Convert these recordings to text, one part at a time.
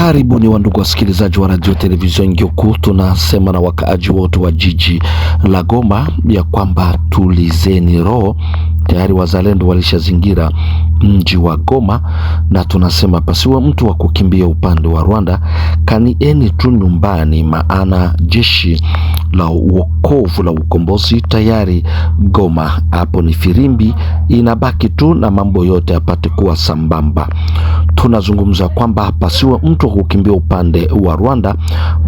Karibuni wa ndugu wasikilizaji wa radio televisheni Ngyoku, tunasema na wakaaji wote wa jiji la Goma ya kwamba tulizeni roho tayari wazalendo walishazingira mji wa Goma, na tunasema pasiwe mtu wa kukimbia upande wa Rwanda, kanieni tu nyumbani, maana jeshi la uokovu la ukombozi tayari Goma. Hapo ni firimbi, inabaki tu na mambo yote yapate kuwa sambamba tunazungumza kwamba pasiwe mtu wa kukimbia upande wa Rwanda,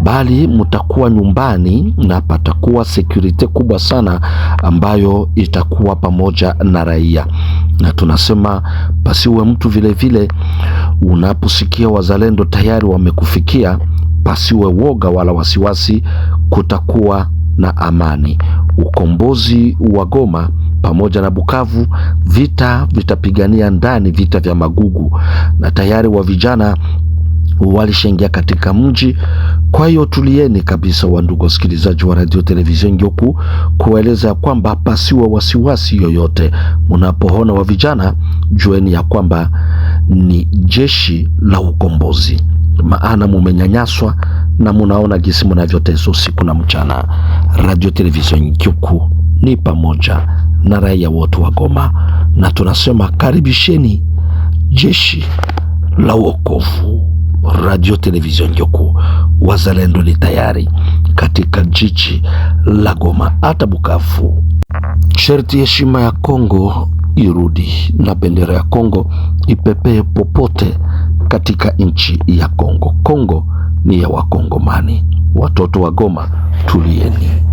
bali mtakuwa nyumbani na patakuwa security kubwa sana ambayo itakuwa pamoja na raia, na tunasema pasiwe mtu vilevile, unaposikia wazalendo tayari wamekufikia, pasiwe woga wala wasiwasi, kutakuwa na amani. Ukombozi wa Goma pamoja na Bukavu vita vitapigania ndani vita vya magugu, na tayari wa vijana walishaingia katika mji. Kwa hiyo tulieni kabisa, wa ndugu wasikilizaji wa radio television Ngyoku, kuwaeleza ya kwamba pasiwa wasiwasi yoyote. Munapoona wa vijana, jueni ya kwamba ni jeshi la ukombozi, maana mumenyanyaswa na munaona gisi munavyoteswa usiku na mchana. Radio television Ngyoku ni pamoja na raia wote wa Goma, na tunasema karibisheni jeshi la uokovu radio television Ngyoku. Wazalendo ni tayari katika jiji la Goma hata Bukavu. Sherti heshima ya Kongo irudi na bendera ya Kongo ipepee popote katika nchi ya Kongo. Kongo ni ya Wakongomani. Watoto wa Goma, tulieni.